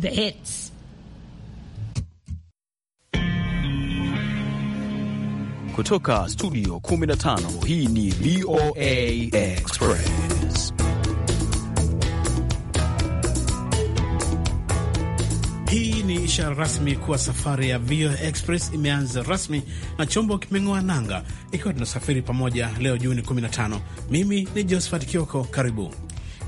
The hits. Kutoka studio 15 hii ni VOA Express. Hii ni ishara rasmi kuwa safari ya VOA Express imeanza rasmi na chombo kimeng'oa nanga, ikiwa tunasafiri pamoja leo Juni 15. Mimi ni Josephat Kioko, karibu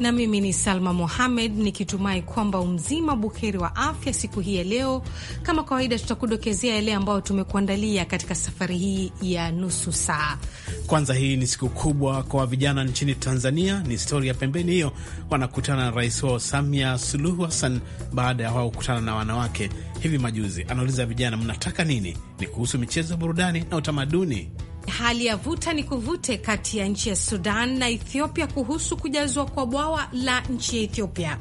na mimi ni Salma Mohamed, nikitumai kwamba umzima bukheri wa afya siku hii ya leo. Kama kawaida, tutakudokezea yale ambayo tumekuandalia katika safari hii ya nusu saa. Kwanza, hii ni siku kubwa kwa vijana nchini Tanzania. Ni stori ya pembeni hiyo, wanakutana na rais wao Samia Suluhu Hassan baada ya wao kukutana na wanawake hivi majuzi. Anauliza vijana, mnataka nini? Ni kuhusu michezo, burudani na utamaduni. Hali ya vuta ni kuvute kati ya nchi ya Sudan na Ethiopia kuhusu kujazwa kwa bwawa la nchi ya Ethiopia.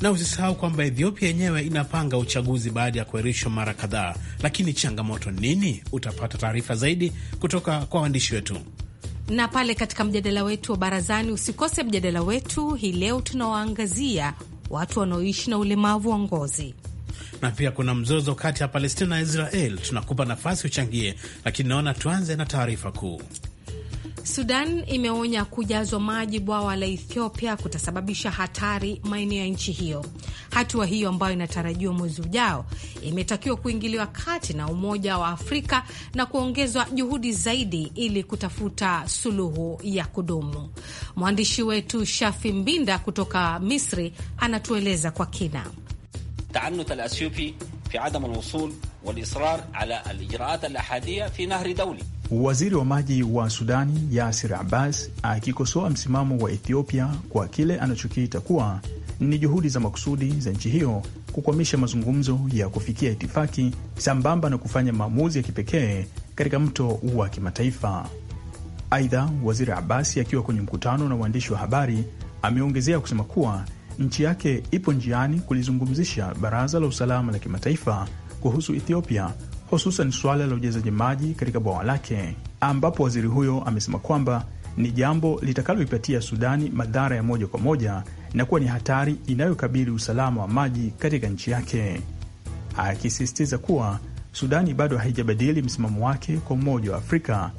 Na usisahau kwamba Ethiopia yenyewe inapanga uchaguzi baada ya kuahirishwa mara kadhaa, lakini changamoto nini? Utapata taarifa zaidi kutoka kwa waandishi wetu na pale katika mjadala wetu wa barazani, usikose mjadala wetu hii leo. Tunawaangazia watu wanaoishi na ulemavu wa ngozi na pia kuna mzozo kati ya Palestina na Israel. Tunakupa nafasi uchangie, lakini naona tuanze na taarifa kuu. Sudan imeonya kujazwa maji bwawa la Ethiopia kutasababisha hatari maeneo ya nchi hiyo. Hatua hiyo ambayo inatarajiwa mwezi ujao imetakiwa kuingiliwa kati na Umoja wa Afrika na kuongezwa juhudi zaidi ili kutafuta suluhu ya kudumu. Mwandishi wetu Shafi Mbinda kutoka Misri anatueleza kwa kina. تعنت الاثيوبي في عدم الوصول والاصرار على الاجراءات الاحاديه في نهر دولي. Waziri wa maji wa Sudani Yasir Abbas akikosoa msimamo wa Ethiopia kwa kile anachokiita kuwa ni juhudi za makusudi za nchi hiyo kukwamisha mazungumzo ya kufikia itifaki sambamba na kufanya maamuzi ya kipekee katika mto wa kimataifa. Aidha, Waziri Abbas akiwa kwenye mkutano na waandishi wa habari ameongezea kusema kuwa nchi yake ipo njiani kulizungumzisha Baraza la Usalama la Kimataifa kuhusu Ethiopia, hususan suala la ujazaji maji katika bwawa lake, ambapo waziri huyo amesema kwamba ni jambo litakaloipatia Sudani madhara ya moja kwa moja na kuwa ni hatari inayokabili usalama wa maji katika nchi yake, akisisitiza kuwa Sudani bado haijabadili msimamo wake kwa Umoja wa Afrika,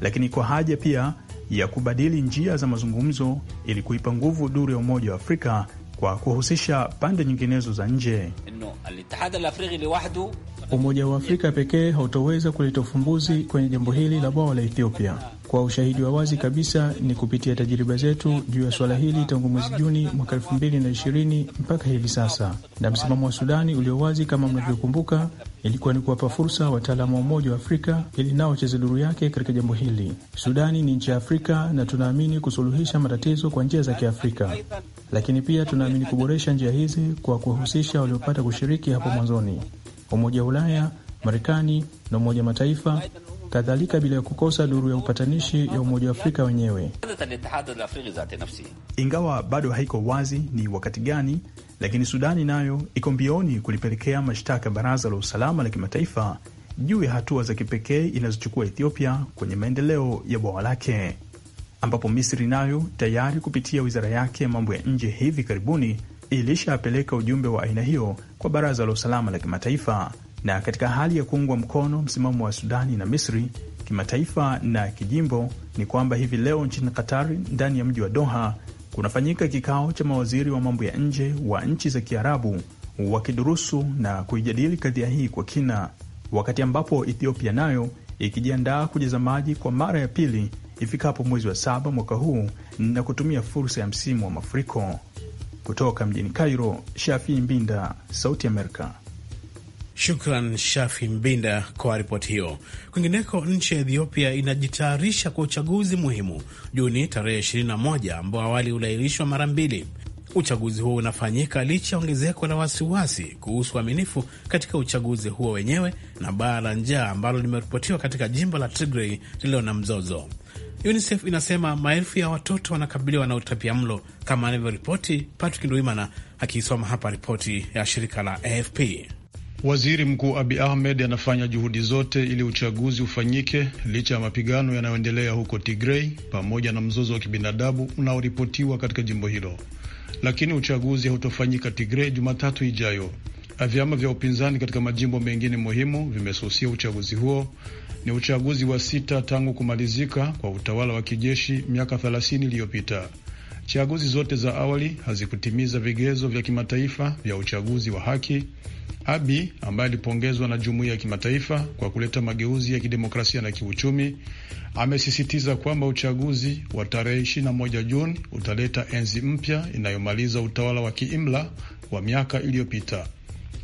lakini kwa haja pia ya kubadili njia za mazungumzo ili kuipa nguvu duru ya Umoja wa Afrika kwa kuhusisha pande nyinginezo za nje. Umoja wa Afrika pekee hautoweza kuleta ufumbuzi kwenye jambo hili la bwawa la Ethiopia. Kwa ushahidi wa wazi kabisa ni kupitia tajiriba zetu juu ya suala hili tangu mwezi Juni mwaka elfu mbili na ishirini mpaka hivi sasa, na msimamo wa Sudani ulio wazi kama mnavyokumbuka, ilikuwa ni kuwapa fursa wataalamu wa Umoja wa Afrika ili nao wacheze duru yake katika jambo hili. Sudani ni nchi ya Afrika na tunaamini kusuluhisha matatizo kwa njia za Kiafrika lakini pia tunaamini kuboresha njia hizi kwa kuwahusisha waliopata kushiriki hapo mwanzoni, Umoja wa Ulaya, Marekani na Umoja wa Mataifa kadhalika, bila ya kukosa duru ya upatanishi ya Umoja wa Afrika wenyewe. Ingawa bado haiko wazi ni wakati gani, lakini Sudani nayo iko mbioni kulipelekea mashtaka Baraza la Usalama la Kimataifa juu ya hatua za kipekee inazochukua Ethiopia kwenye maendeleo ya bwawa lake ambapo Misri nayo tayari kupitia wizara yake ya mambo ya nje hivi karibuni ilishapeleka ujumbe wa aina hiyo kwa Baraza la Usalama la Kimataifa. Na katika hali ya kuungwa mkono msimamo wa Sudani na Misri kimataifa na kijimbo, ni kwamba hivi leo nchini Qatar, ndani ya mji wa Doha, kunafanyika kikao cha mawaziri wa mambo ya nje wa nchi za Kiarabu wakidurusu na kuijadili kadhia hii kwa kina, wakati ambapo Ethiopia nayo ikijiandaa kujaza maji kwa mara ya pili ifikapo mwezi wa saba mwaka huu na kutumia fursa ya msimu wa mafuriko. Kutoka mjini Cairo, Shafi Mbinda, Sauti Amerika. Shukran Shafi Mbinda kwa ripoti hiyo. Kwingineko, nchi ya Ethiopia inajitayarisha kwa uchaguzi muhimu Juni tarehe 21 ambao awali uliahirishwa mara mbili. Uchaguzi huo unafanyika licha ya ongezeko la wasiwasi kuhusu uaminifu katika uchaguzi huo wenyewe na baa la njaa ambalo limeripotiwa katika jimbo la tigrey lililo na mzozo. UNICEF inasema maelfu ya watoto wanakabiliwa na utapia mlo, kama anavyoripoti Patrick Ndwimana akiisoma hapa ripoti ya shirika la AFP. Waziri Mkuu Abi Ahmed anafanya juhudi zote ili uchaguzi ufanyike licha ya mapigano yanayoendelea huko Tigrei pamoja na mzozo wa kibinadamu unaoripotiwa katika jimbo hilo, lakini uchaguzi hautofanyika Tigrei Jumatatu ijayo. Eh, vyama vya upinzani katika majimbo mengine muhimu vimesusia uchaguzi huo. Ni uchaguzi wa sita tangu kumalizika kwa utawala wa kijeshi miaka 30 iliyopita. Chaguzi zote za awali hazikutimiza vigezo vya kimataifa vya uchaguzi wa haki. Abi ambaye alipongezwa na jumuiya ya kimataifa kwa kuleta mageuzi ya kidemokrasia na kiuchumi, amesisitiza kwamba uchaguzi wa tarehe 21 Juni utaleta enzi mpya inayomaliza utawala wa kiimla wa miaka iliyopita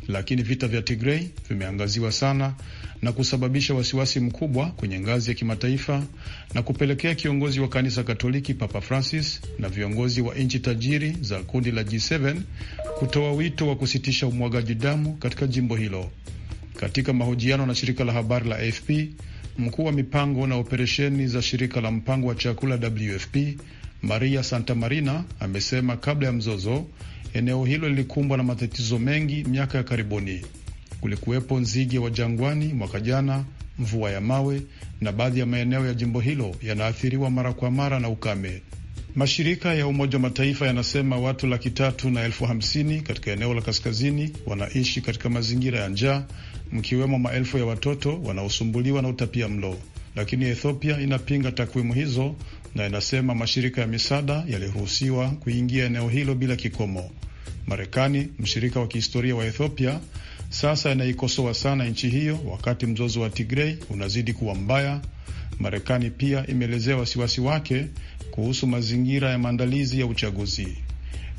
lakini vita vya tigrei vimeangaziwa sana na kusababisha wasiwasi mkubwa kwenye ngazi ya kimataifa na kupelekea kiongozi wa kanisa Katoliki Papa Francis na viongozi wa nchi tajiri za kundi la G7 kutoa wito wa kusitisha umwagaji damu katika jimbo hilo. Katika mahojiano na shirika la habari la AFP, mkuu wa mipango na operesheni za shirika la mpango wa chakula WFP Maria Santa Marina amesema kabla ya mzozo Eneo hilo lilikumbwa na matatizo mengi miaka ya karibuni. Kulikuwepo nzige wa jangwani mwaka jana, mvua ya mawe, na baadhi ya maeneo ya jimbo hilo yanaathiriwa mara kwa mara na ukame. Mashirika ya Umoja wa Mataifa yanasema watu laki tatu na elfu hamsini katika eneo la kaskazini wanaishi katika mazingira ya njaa, mkiwemo maelfu ya watoto wanaosumbuliwa na utapia mlo, lakini Ethiopia inapinga takwimu hizo na inasema mashirika ya misaada yaliruhusiwa kuingia eneo hilo bila kikomo. Marekani, mshirika wa kihistoria wa Ethiopia, sasa inaikosoa sana nchi hiyo wakati mzozo wa Tigrei unazidi kuwa mbaya. Marekani pia imeelezea wasiwasi wake kuhusu mazingira ya maandalizi ya uchaguzi.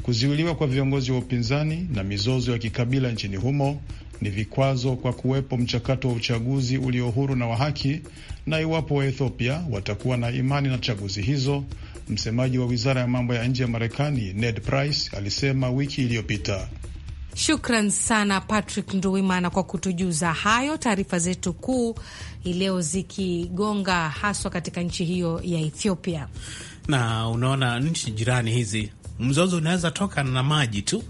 Kuzuiliwa kwa viongozi wa upinzani na mizozo ya kikabila nchini humo ni vikwazo kwa kuwepo mchakato wa uchaguzi ulio huru na wa haki, na iwapo Waethiopia watakuwa na imani na chaguzi hizo, msemaji wa wizara ya mambo ya nje ya Marekani Ned Price alisema wiki iliyopita. Shukran sana Patrick Nduwimana kwa kutujuza hayo, taarifa zetu kuu ileo zikigonga haswa katika nchi hiyo ya Ethiopia. Na unaona nchi jirani hizi mzozo unaweza toka na maji tu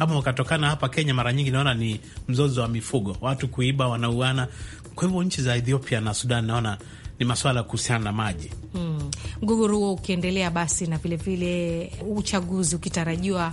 ama ukatokana hapa Kenya, mara nyingi naona ni mzozo wa mifugo, watu kuiba, wanauana. Kwa hivyo nchi za Ethiopia na Sudan naona ni maswala kuhusiana na maji hmm. Mgogoro hmm, huo ukiendelea, basi na vilevile uchaguzi ukitarajiwa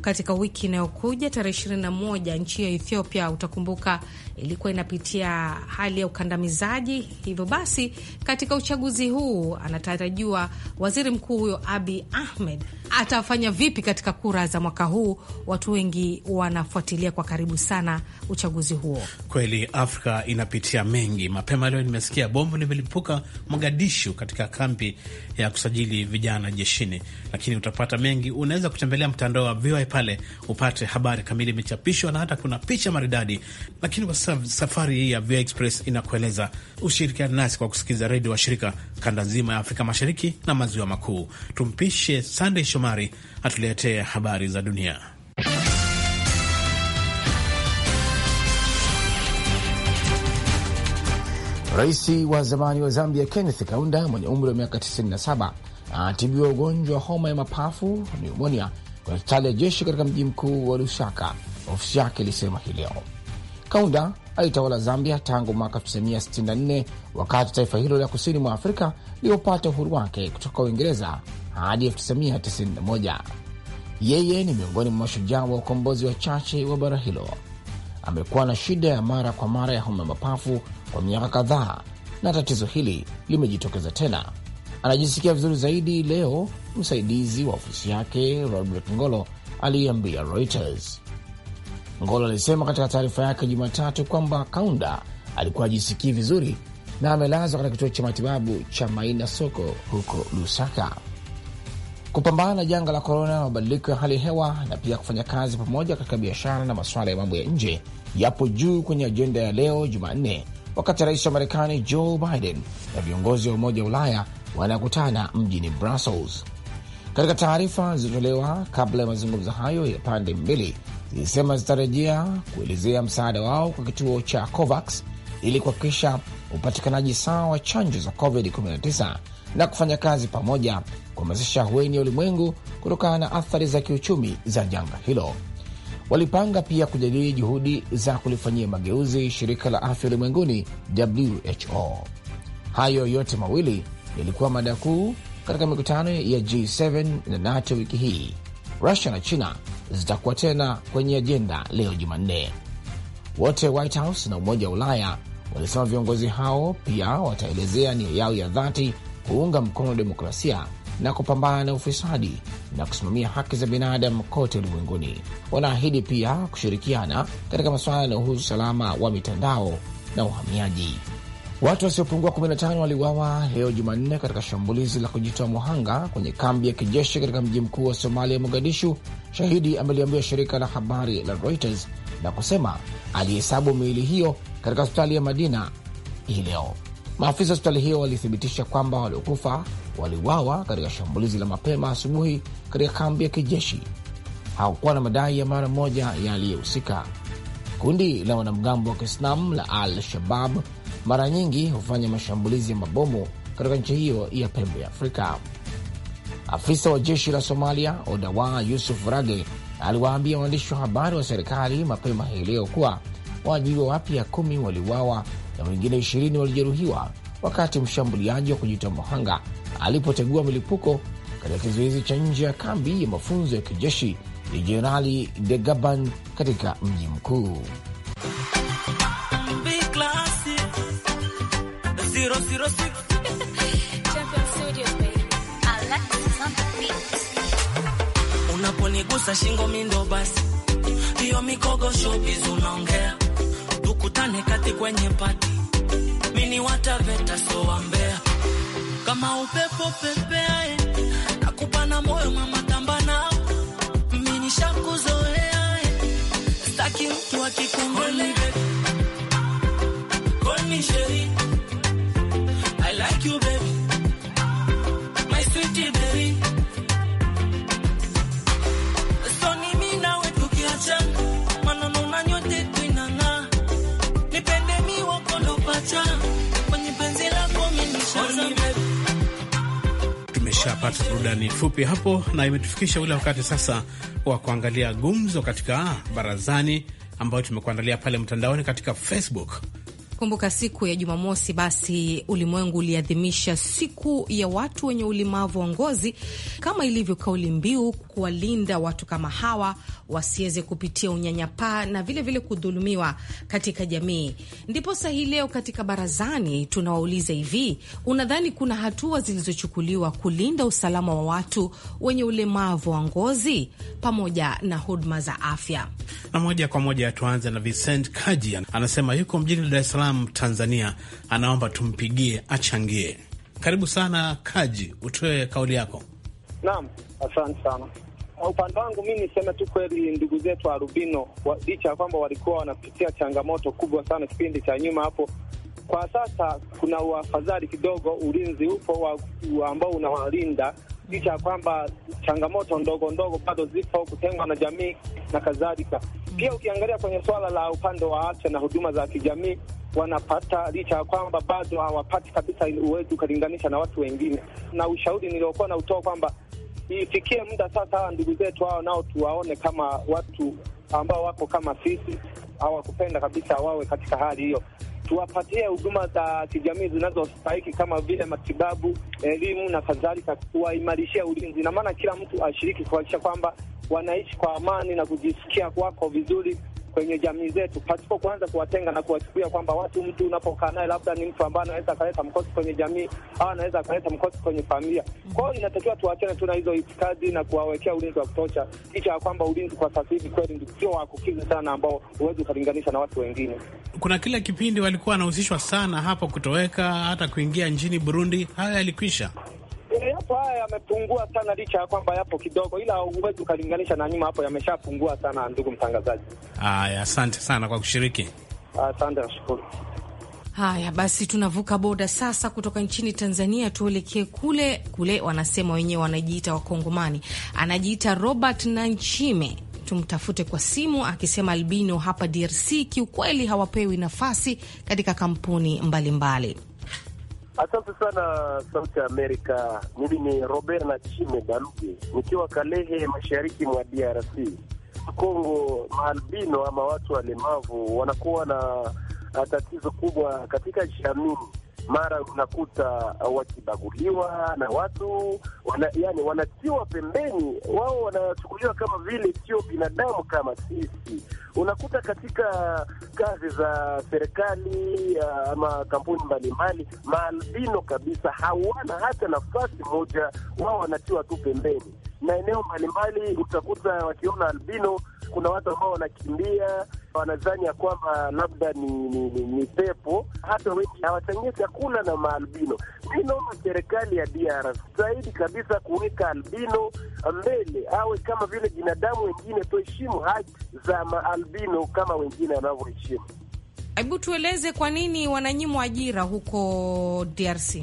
katika wiki inayokuja tarehe moja nchi ya Ethiopia utakumbuka, ilikuwa inapitia hali ya ukandamizaji. Hivyo basi katika uchaguzi huu anatarajiwa waziri mkuu huyo Abi Ahmed atafanya vipi katika kura za mwaka huu. Watu wengi wanafuatilia kwa karibu sana uchaguzi huo. Kweli Afrika inapitia mengi. Mapema leo nimesikia bomu limelipuka Mogadishu, katika kambi ya kusajili vijana jeshini, lakini utapata mengi. Unaweza kutembelea mtandao wa VOA pale upate habari kamili, imechapishwa na hata kuna picha maridadi. Lakini kwa sasa safari hii ya VOA Express inakueleza ushirikiani nasi kwa kusikiliza redio wa shirika kanda nzima ya Afrika Mashariki na Maziwa Makuu. Tumpishe Sunday Shomari atuletee habari za dunia. Rais wa zamani wa Zambia Kenneth Kaunda mwenye umri wa miaka 97 anatibiwa ugonjwa wa homa ya mapafu pneumonia kwenye hospitali ya jeshi katika mji mkuu wa Lusaka, ofisi yake ilisema hii leo. Kaunda alitawala Zambia tangu mwaka 1964 wakati taifa hilo la kusini mwa Afrika lilipopata uhuru wake kutoka Uingereza hadi 1991. Yeye ni miongoni mwa mashujaa wa ukombozi wachache wa bara hilo. Amekuwa na shida ya mara kwa mara ya homa mapafu kwa miaka kadhaa, na tatizo hili limejitokeza tena. Anajisikia vizuri zaidi leo, msaidizi wa ofisi yake Robert Ngolo aliyeambia Reuters. Ngolo alisema katika taarifa yake Jumatatu kwamba Kaunda alikuwa ajisikii vizuri na amelazwa katika kituo cha matibabu cha Maina Soko huko Lusaka kupambana na janga la korona, mabadiliko ya hali ya hewa na pia kufanya kazi pamoja katika biashara na masuala ya mambo ya nje yapo juu kwenye ajenda ya leo Jumanne, wakati rais wa Marekani Joe Biden na viongozi wa Umoja wa Ulaya wanakutana mjini Brussels. Katika taarifa zilizotolewa kabla ya mazungumzo hayo ya pande mbili, zilisema zitarejea kuelezea msaada wao kwa kituo cha COVAX ili kuhakikisha upatikanaji sawa wa chanjo za COVID-19 na kufanya kazi pamoja kuhamasisha ahueni ya ulimwengu kutokana na athari za kiuchumi za janga hilo. Walipanga pia kujadili juhudi za kulifanyia mageuzi shirika la afya ulimwenguni WHO. Hayo yote mawili yalikuwa mada kuu katika mikutano ya G7 na NATO wiki hii. Rusia na China zitakuwa tena kwenye ajenda leo Jumanne. Wote White House na Umoja wa Ulaya walisema viongozi hao pia wataelezea nia yao ya dhati kuunga mkono demokrasia na kupambana na ufisadi na kusimamia haki za binadamu kote ulimwenguni. Wanaahidi pia kushirikiana katika masuala yanayohusu usalama wa mitandao na uhamiaji. Watu wasiopungua 15 waliuawa leo Jumanne katika shambulizi la kujitoa muhanga kwenye kambi ya kijeshi katika mji mkuu wa Somalia, Mogadishu, shahidi ameliambia shirika la habari la Reuters na kusema alihesabu miili hiyo katika hospitali ya Madina hii leo. Maafisa hospitali hiyo walithibitisha kwamba waliokufa waliwawa katika shambulizi la mapema asubuhi katika kambi ya kijeshi. hawakuwa na madai ya mara moja yaliyohusika. Kundi la wanamgambo wa Kiislamu la Al-Shabab mara nyingi hufanya mashambulizi ya mabomu katika nchi hiyo ya pembe ya Afrika. Afisa wa jeshi la Somalia Odawa Yusuf Rage aliwaambia waandishi wa habari wa serikali mapema hii leo kuwa waajiriwa wapya kumi waliuawa na wengine ishirini walijeruhiwa wakati mshambuliaji wa kujitoa muhanga alipotegua milipuko katika kizuizi cha nje ya kambi ya mafunzo ya kijeshi ya Jenerali de Gaban katika mji mkuu. Unaponigusa shingo mindo, basi hiyo mikogosho bizu unaongea tukutane kati kwenye pati mini wataveta wambea kama upepo pepeae nakupana moyo mwamatambana mini shakuzoea staki mtu sherry I like you baby. tushapata burudani fupi hapo, na imetufikisha ule wakati sasa wa kuangalia gumzo katika barazani ambayo tumekuandalia pale mtandaoni katika Facebook. Kumbuka siku ya Jumamosi, basi ulimwengu uliadhimisha siku ya watu wenye ulemavu wa ngozi, kama ilivyo kauli mbiu kuwalinda watu kama hawa wasiweze kupitia unyanyapaa na vilevile vile kudhulumiwa katika jamii. ndipo sa hii leo katika barazani tunawauliza hivi, unadhani kuna hatua zilizochukuliwa kulinda usalama wa watu wenye ulemavu wa ngozi pamoja na huduma za afya? Na moja kwa moja tuanze na Vincent Kaji, anasema yuko mjini Dar es Salaam salaam Tanzania, anaomba tumpigie achangie. Karibu sana Kaji, utoe kauli yako. Naam, asante sana. Upande wangu mi niseme tu kweli, ndugu zetu arubino licha ya kwamba walikuwa wanapitia changamoto kubwa sana kipindi cha nyuma hapo, kwa sasa kuna uafadhali kidogo, ulinzi upo wa, wa ambao unawalinda licha ya kwamba changamoto ndogo ndogo bado zipo, kutengwa na jamii na kadhalika. Pia ukiangalia kwenye swala la upande wa afya na huduma za kijamii, wanapata, licha ya kwamba bado hawapati kabisa, uwezi ukalinganisha na watu wengine. Na ushauri niliokuwa na utoa kwamba ifikie muda sasa, hawa ndugu zetu hawa nao tuwaone kama watu ambao wako kama sisi, hawakupenda kabisa wawe katika hali hiyo tuwapatie huduma za kijamii zinazostahiki kama vile matibabu, elimu na kadhalika, kuwaimarishia ulinzi. Na maana kila mtu ashiriki kuhakikisha kwamba wanaishi kwa amani na kujisikia wako vizuri kwenye jamii zetu, pasipo kuanza kuwatenga na kuwachukulia kwamba watu, mtu unapokaa naye labda ni mtu ambaye anaweza akaleta mkosi kwenye jamii au anaweza akaleta mkosi kwenye familia. Kwa hiyo inatakiwa tuwachane tu na hizo itikadi na kuwawekea ulinzi wa kutosha, licha ya kwamba ulinzi kwa sasa hivi kweli sio wa kukiza sana, ambao huwezi ukalinganisha na watu wengine. Kuna kile kipindi walikuwa wanahusishwa sana hapo kutoweka, hata kuingia nchini Burundi, hayo yalikwisha yapo eh, haya yamepungua sana, licha ya kwamba yapo kidogo, ila huwezi ukalinganisha na nyuma, hapo yameshapungua sana, ndugu mtangazaji. Haya, asante sana kwa kushiriki. Asante, nashukuru. Haya basi, tunavuka boda sasa kutoka nchini Tanzania tuelekee kule kule, wanasema wenyewe wanajiita Wakongomani, anajiita Robert Nanchime. Tumtafute kwa simu akisema albino hapa DRC kiukweli hawapewi nafasi katika kampuni mbalimbali mbali. Asante sana Sauti ya Amerika. Mimi ni Robert Nachime Baluge nikiwa Kalehe, mashariki mwa DRC Kongo. Maalbino ama watu walemavu wanakuwa na ah, tatizo kubwa katika jamii mara unakuta wakibaguliwa na watu wana, yani wanatiwa pembeni, wao wanachukuliwa kama vile sio binadamu kama sisi. Unakuta katika kazi za serikali ama kampuni mbalimbali, maalbino kabisa hawana hata nafasi moja, wao wanatiwa tu pembeni, na eneo mbalimbali utakuta wakiona albino kuna watu ambao wanakimbia, wanadhani ya kwamba labda ni, ni, ni, ni pepo. Hata wengi hawachangie chakula na maalbino. Mi naomba serikali ya DR zaidi kabisa kuweka albino mbele, awe kama vile binadamu wengine, tuheshimu haki za maalbino kama wengine wanavyoheshimu. Hebu tueleze kwa nini wananyimwa ajira huko DRC?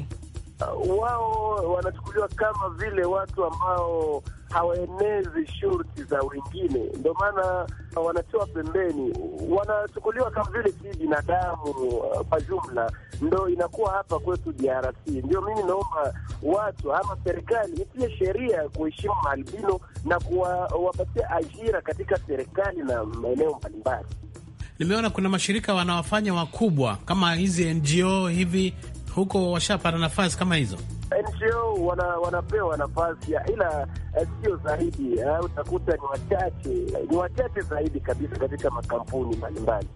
Uh, wao wanachukuliwa kama vile watu ambao hawaenezi shurti za wengine, ndio maana wanatiwa pembeni, wanachukuliwa kama vile si binadamu uh, kwa jumla. Ndo inakuwa hapa kwetu DRC. Ndio mimi naomba watu ama serikali itie sheria ya kuheshimu maalbino na kuwapatia ajira katika serikali na maeneo mbalimbali. Nimeona kuna mashirika wanawafanya wakubwa kama hizi NGO hivi, huko washapata nafasi kama hizo. NGO wana, wanapewa nafasi ila eh, sio zaidi, eh, utakuta ni wachache, eh, ni wachache zaidi kabisa katika makampuni mbalimbali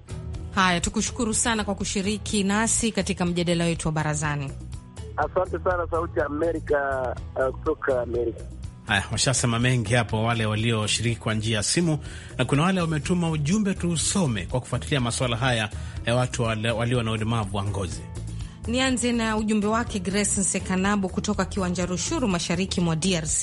haya. Tukushukuru sana kwa kushiriki nasi katika mjadala wetu wa barazani. Asante sana Sauti ya Amerika kutoka uh, Amerika. Haya, washasema mengi hapo, wale walioshiriki kwa njia ya simu na kuna wale wametuma ujumbe tuusome, kwa kufuatilia masuala haya ya watu walio na ulemavu wa ngozi. Nianze na ujumbe wake Grace Nsekanabo kutoka Kiwanja Rushuru, mashariki mwa DRC.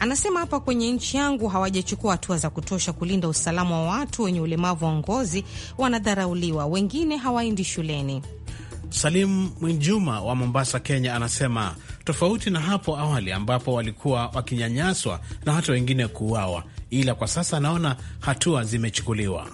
Anasema hapa kwenye nchi yangu hawajachukua hatua za kutosha kulinda usalama wa watu wenye ulemavu wa ngozi, wanadharauliwa, wengine hawaendi shuleni. Salim Mwinjuma wa Mombasa, Kenya, anasema tofauti na hapo awali ambapo walikuwa wakinyanyaswa na hata wengine kuuawa, ila kwa sasa anaona hatua zimechukuliwa.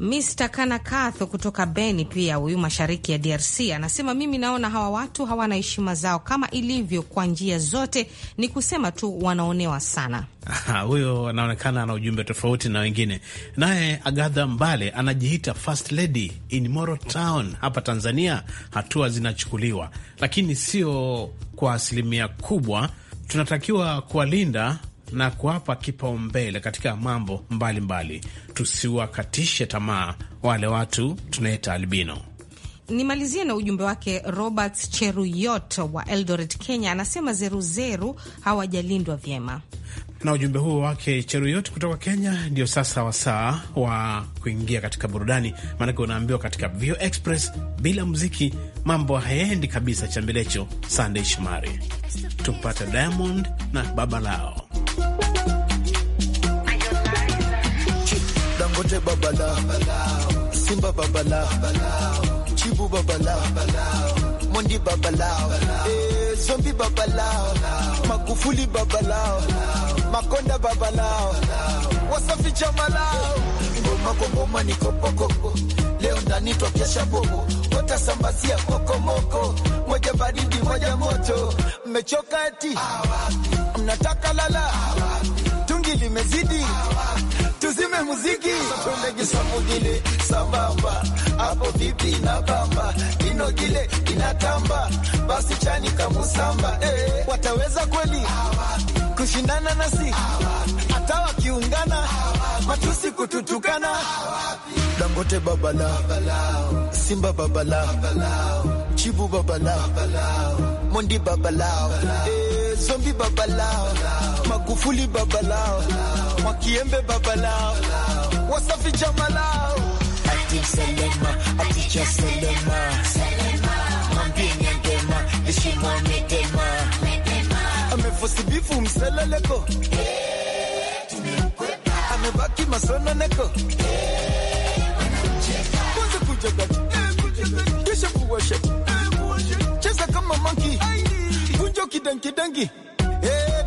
Mr Kanakatho kutoka Beni, pia huyu mashariki ya DRC, anasema mimi naona hawa watu hawana heshima zao kama ilivyo kwa njia zote, ni kusema tu wanaonewa sana. Huyo anaonekana ana ujumbe tofauti na wengine. Naye Agatha Mbale anajiita first lady in Moro Town hapa Tanzania. Hatua zinachukuliwa, lakini sio kwa asilimia kubwa. Tunatakiwa kuwalinda na kuwapa kipaumbele katika mambo mbalimbali. Tusiwakatishe tamaa wale watu tunaita albino. Nimalizie na ujumbe wake Robert Cheruyot wa Eldoret, Kenya, anasema zeruzeru hawajalindwa vyema. Na ujumbe huo wake Cheruyot kutoka Kenya ndio sasa wasaa wa kuingia katika burudani, maanake unaambiwa katika Vio Express bila muziki mambo hayaendi kabisa. Chambelecho Sandey Shomari, tumpate Diamond na baba lao Ote babala, Simba babala, Chibu babala, Mondi babala, eh, Zombi babala, Magufuli babala, Makonda babala, Wasafi chamalao, Ngoma kongoma ni kopokoko, leo ndani twakesha bobo, koko kokomoko, moja baridi moja moto, mmechoka eti, mnataka lala, tungi limezidi awa tuzime muziki gile sambamba hapo vipi na bamba kino kile inatamba basi chani kamusamba eh. Wataweza kweli kushindana nasi hata wakiungana matusi kututukana Dangote babala Simba babala Chibu babala Mondi babalao, babalao. Eh. zombi babalao babalao. Magufuli baba lao, Mwakiembe baba lao, Wasafi chama lao, ati Selema, ati cha Selema, Selema, mwambie Nyangema, heshima Medema, Medema, mseleleko, amebaki masononeko, kwanza kujaga, eh, kisha eh, cheza kama kunjo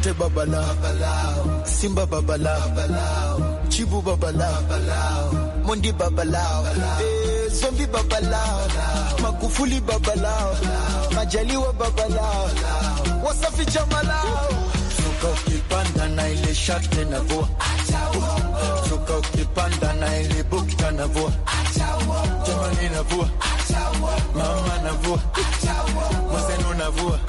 wote babalao, Simba babalao, Chibu babalao, Mondi babalao, eh, Zombi babalao, Magufuli babalao, Majaliwa babalao, Wasafi jamalao. Suka ukipanda na ile shati navua, suka ukipanda na ile bukta navua, jamani navua, mama navua, mwazenu navua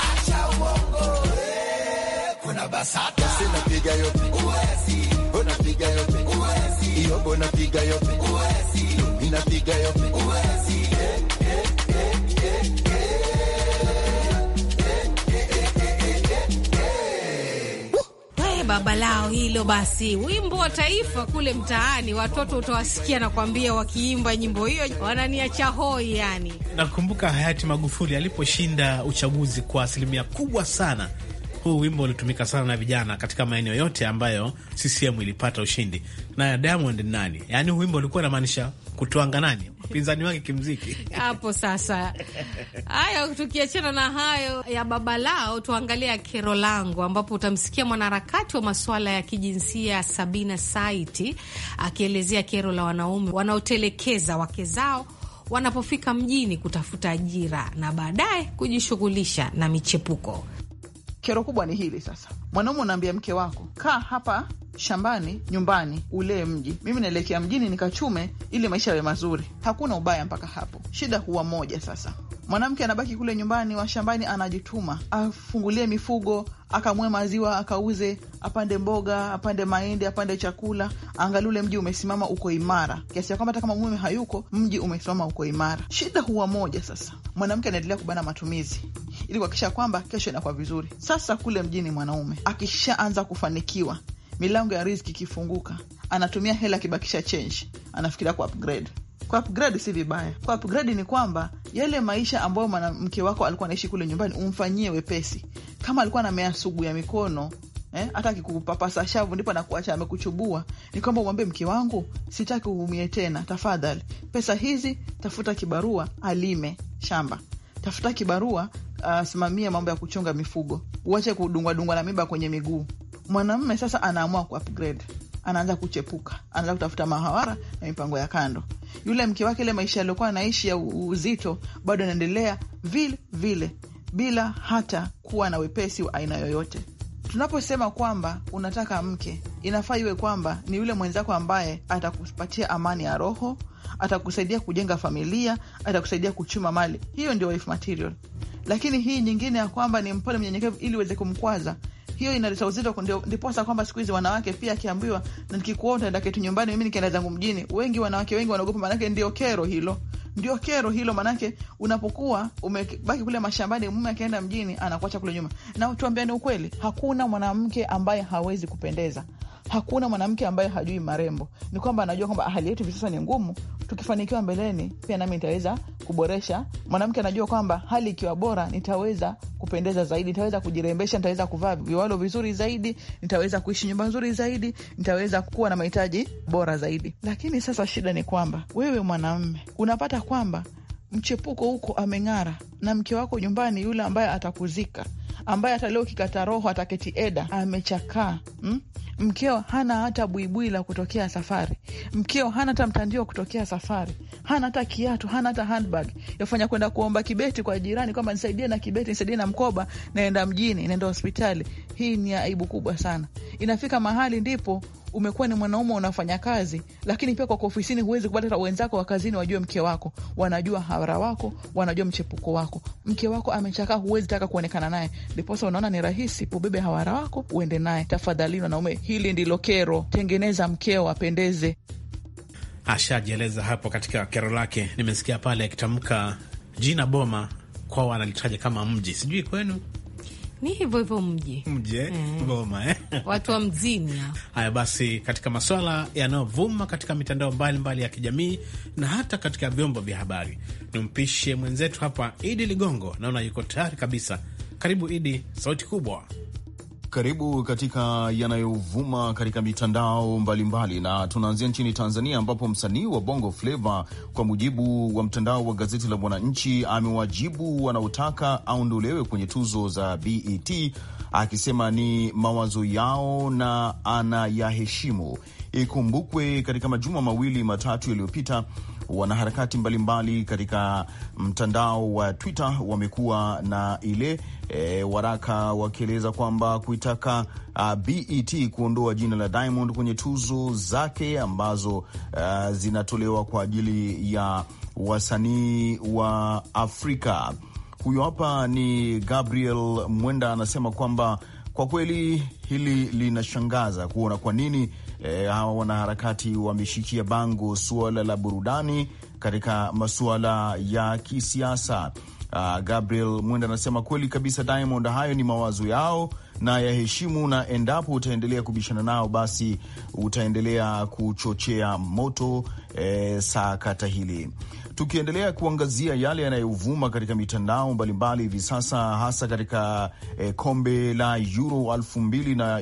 Bona Basata, sina piga yote uwezi, piga yote uwezi, bona piga yote uwezi, mina piga yote uwezi baba lao hilo basi, wimbo wa taifa kule mtaani, watoto utawasikia na kuambia wakiimba nyimbo hiyo wananiacha hoi. Yani nakumbuka hayati Magufuli aliposhinda uchaguzi kwa asilimia kubwa sana huu wimbo ulitumika sana na vijana katika maeneo yote ambayo CCM ilipata ushindi. Na Diamond nani? Yaani huu wimbo ulikuwa unamaanisha kutwanga nani? Wapinzani wake kimziki. Hapo sasa. Hayo tukiachana na hayo ya baba lao, tuangalia kero langu ambapo utamsikia mwanaharakati wa masuala ya kijinsia Sabina Saiti akielezea kero la wanaume wanaotelekeza wake zao wanapofika mjini kutafuta ajira na baadaye kujishughulisha na michepuko. Kero kubwa ni hili sasa. Mwanaume unaambia mke wako, kaa hapa shambani, nyumbani, ulee mji, mimi naelekea mjini nikachume, ili maisha yawe mazuri. Hakuna ubaya mpaka hapo, shida huwa moja sasa mwanamke anabaki kule nyumbani washambani, anajituma afungulie mifugo, akamwe maziwa, akauze, apande mboga, apande mahindi, apande chakula, angalia ule mji umesimama, uko imara kiasi ya kwamba hata kama mume hayuko, mji umesimama, uko imara. Shida huwa moja. Sasa mwanamke anaendelea kubana matumizi ili kuhakikisha kwamba kesho inakuwa vizuri. Sasa kule mjini, mwanaume akishaanza kufanikiwa, milango ya riziki ikifunguka, anatumia hela, akibakisha change, anafikiria ku upgrade kwa upgrade si vibaya. Kwa upgrade ni kwamba yale maisha ambayo mwanamke wako alikuwa anaishi kule nyumbani umfanyie wepesi. Kama alikuwa na measugu ya mikono Eh, hata akikupapasa shavu ndipo anakuacha amekuchubua, ni kwamba umwambie mke wangu, sitaki uumie tena, tafadhali pesa hizi, tafuta kibarua alime shamba, tafuta kibarua asimamie ah, uh, mambo ya kuchunga mifugo, uache kudungwadungwa na miba kwenye miguu. Mwanamme sasa anaamua ku upgrade anaanza kuchepuka, anaanza kutafuta mahawara na mipango ya kando. Yule mke wake, ile maisha aliyokuwa anaishi ya uzito, bado anaendelea vile vile, bila hata kuwa na wepesi wa aina yoyote. Tunaposema kwamba unataka mke, inafaa iwe kwamba ni yule mwenzako ambaye atakupatia amani ya roho, atakusaidia kujenga familia, atakusaidia kuchuma mali. Hiyo ndio wife material. Lakini hii nyingine ya kwamba ni mpole mnyenyekevu, ili uweze kumkwaza, hiyo inaleta uzito, ndiposa kwamba siku hizi wanawake pia akiambiwa na nikikuota enda kitu nyumbani, mimi nikienda zangu mjini, wengi wanawake wengi wanaogopa, maanake ndio kero hilo ndio kero hilo, maanake unapokuwa umebaki kule mashambani, mume akienda mjini anakuacha kule nyuma. Na tuambiane ukweli, hakuna mwanamke ambaye hawezi kupendeza hakuna mwanamke ambaye hajui marembo. Ni kwamba anajua kwamba hali yetu hivi sasa ni ngumu, tukifanikiwa mbeleni pia nami nitaweza kuboresha. Mwanamke anajua kwamba hali ikiwa bora, nitaweza kupendeza zaidi, nitaweza kujirembesha, nitaweza kuvaa viwalo vizuri zaidi, nitaweza kuishi nyumba nzuri zaidi, nitaweza kuwa na mahitaji bora zaidi. Lakini sasa shida ni kwamba wewe mwanamme unapata kwamba mchepuko huko ameng'ara, na mke wako nyumbani, yule ambaye atakuzika ambaye hata leo kikata roho ataketi eda, amechakaa mm? Mkeo hana hata buibui la kutokea safari, mkeo hana hata mtandio wa kutokea safari, hana hata kiatu, hana hata handbag yafanya kwenda kuomba kibeti kwa jirani kwamba nisaidie na kibeti, nisaidie na mkoba, naenda mjini, naenda hospitali. Hii ni aibu kubwa sana. Inafika mahali ndipo umekuwa ni mwanaume unafanya kazi, lakini pia kwako ofisini huwezi kupata hata wenzako wa kazini wajue mke wako, wanajua hara wako, wanajua mchepuko wako. Mke wako amechakaa, huwezi taka kuonekana naye, ndiposa unaona ni rahisi ubebe hawara wako uende naye. Tafadhalini wanaume, hili ndilo kero, tengeneza mkeo apendeze. Ashajieleza hapo katika kero lake. Nimesikia pale akitamka jina Boma, kwao analitaja kama mji, sijui kwenu ni hivyo hivyo mji mji eh, eh, eh? watu wa mjini. Haya basi, katika maswala yanayovuma katika mitandao mbalimbali mbali ya kijamii na hata katika vyombo vya habari, nimpishe mwenzetu hapa Idi Ligongo, naona yuko tayari kabisa. Karibu Idi, sauti kubwa. Karibu katika yanayovuma katika mitandao mbalimbali mbali, na tunaanzia nchini Tanzania ambapo msanii wa Bongo Flava kwa mujibu wa mtandao wa gazeti la Mwananchi amewajibu wanaotaka aondolewe kwenye tuzo za BET akisema ni mawazo yao na anayaheshimu. Ikumbukwe katika majuma mawili matatu yaliyopita wanaharakati mbalimbali katika mtandao wa Twitter wamekuwa na ile e, waraka wakieleza kwamba kuitaka a, ah, BET kuondoa jina la Diamond kwenye tuzo zake ambazo a, ah, zinatolewa kwa ajili ya wasanii wa Afrika. Huyo hapa ni Gabriel Mwenda anasema kwamba kwa kweli hili linashangaza kuona kwa nini hawa e, wanaharakati wameshikia bango suala la burudani katika masuala ya kisiasa. Uh, Gabriel Mwenda anasema kweli kabisa Diamond, hayo ni mawazo yao na ya heshimu, na endapo utaendelea kubishana nao basi utaendelea kuchochea moto eh, sakata hili. Tukiendelea kuangazia yale yanayovuma katika mitandao mbalimbali hivi sasa, hasa katika eh, kombe la Euro elfu na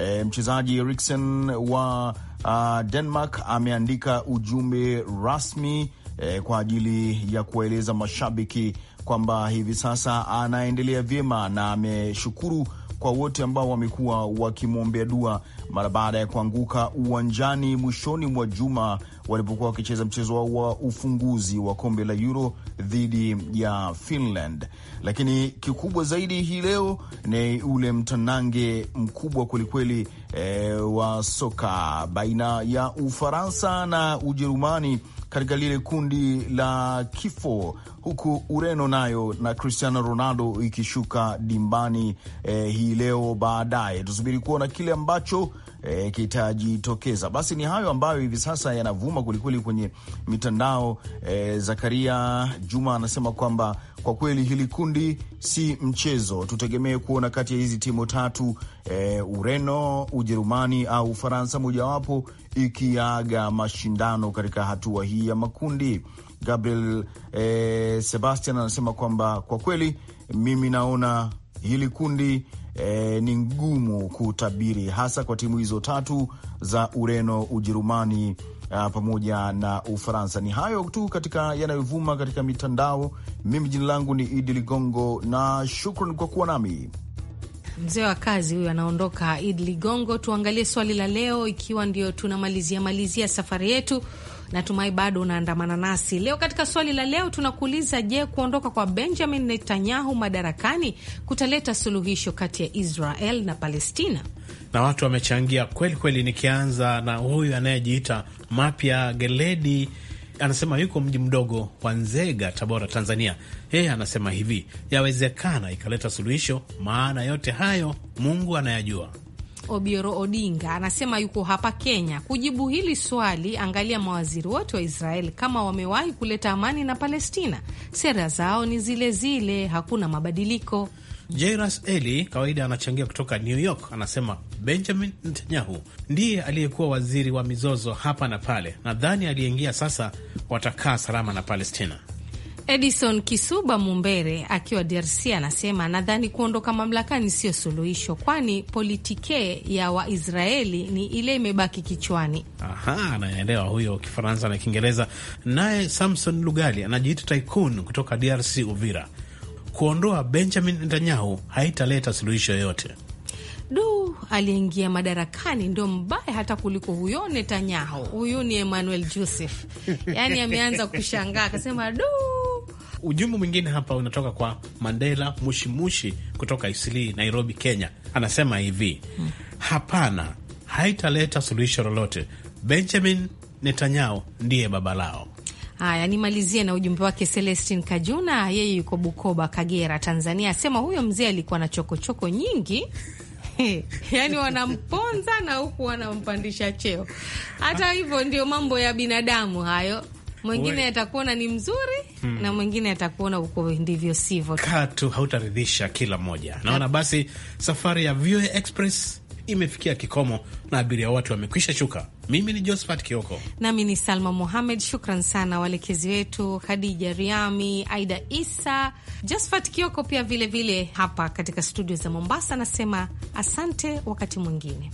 E, mchezaji Eriksen wa uh, Denmark ameandika ujumbe rasmi e, kwa ajili ya kuwaeleza mashabiki kwamba hivi sasa anaendelea vyema na ameshukuru kwa wote ambao wamekuwa wakimwombea dua mara baada ya kuanguka uwanjani mwishoni mwa juma walipokuwa wakicheza mchezo wao wa ufunguzi wa kombe la Euro dhidi ya Finland. Lakini kikubwa zaidi hii leo ni ule mtanange mkubwa kwelikweli e, wa soka baina ya Ufaransa na Ujerumani katika lile kundi la kifo, huku Ureno nayo na Cristiano Ronaldo ikishuka dimbani e, hii leo. Baadaye tusubiri kuona kile ambacho e, kitajitokeza. Basi ni hayo ambayo hivi sasa yanavuma kwelikweli kwenye mitandao e, Zakaria Juma anasema kwamba kwa kweli hili kundi si mchezo, tutegemee kuona kati ya hizi timu tatu e, Ureno, Ujerumani au Ufaransa mojawapo ikiaga mashindano katika hatua hii ya makundi. Gabriel e, Sebastian anasema kwamba kwa kweli mimi naona hili kundi e, ni ngumu kutabiri, hasa kwa timu hizo tatu za Ureno, Ujerumani a, pamoja na Ufaransa. Ni hayo tu katika yanayovuma katika mitandao. Mimi jina langu ni Idi Ligongo na shukran kwa kuwa nami. Mzee wa kazi huyu anaondoka, Idi Ligongo. Tuangalie swali la leo, ikiwa ndio tunamalizia malizia safari yetu Natumai bado unaandamana nasi leo. Katika swali la leo tunakuuliza, je, kuondoka kwa Benjamin Netanyahu madarakani kutaleta suluhisho kati ya Israel na Palestina? Na watu wamechangia kweli kweli. Nikianza na huyu anayejiita Mapya Geledi anasema yuko mji mdogo wa Nzega, Tabora, Tanzania. Yeye anasema hivi, yawezekana ikaleta suluhisho, maana yote hayo Mungu anayajua. Obiero Odinga anasema yuko hapa Kenya kujibu hili swali. Angalia mawaziri wote wa israel kama wamewahi kuleta amani na Palestina, sera zao ni zile zile, hakuna mabadiliko. jairus Eli kawaida anachangia kutoka New York, anasema Benjamin Netanyahu ndiye aliyekuwa waziri wa mizozo hapa na pale, nadhani aliyeingia sasa, watakaa salama na Palestina. Edison Kisuba Mumbere akiwa DRC anasema nadhani kuondoka mamlakani sio suluhisho, kwani politike ya Waisraeli ni ile imebaki kichwani. Aha, anaelewa huyo Kifaransa na Kiingereza. Naye Samson Lugali anajiita tycoon kutoka DRC, Uvira, kuondoa Benjamin Netanyahu haitaleta suluhisho yoyote. Du, aliyeingia madarakani ndo mbaya hata kuliko huyo Netanyahu. Huyu ni Emmanuel Joseph, yaani ameanza kushangaa akasema du Ujumbe mwingine hapa unatoka kwa Mandela Mushimushi kutoka Isilii, Nairobi, Kenya. Anasema hivi hmm, hapana, haitaleta suluhisho lolote. Benjamin Netanyahu ndiye baba lao. Haya, nimalizie na ujumbe wake Celestin Kajuna, yeye yuko Bukoba, Kagera, Tanzania. Asema huyo mzee alikuwa na chokochoko nyingi yaani wanamponza na huku wanampandisha cheo. Hata hivyo ndio mambo ya binadamu hayo mwingine atakuona ni mzuri hmm, na mwingine atakuona uko ndivyo sivyo, katu hautaridhisha kila mmoja. Naona basi safari ya VOA Express imefikia kikomo na abiria watu wamekwisha shuka. Mimi ni Josphat Kioko nami ni Salma Mohamed. Shukran sana waelekezi wetu Hadija Riami, Aida Isa, Josphat Kioko pia vilevile vile. Hapa katika studio za Mombasa nasema asante, wakati mwingine.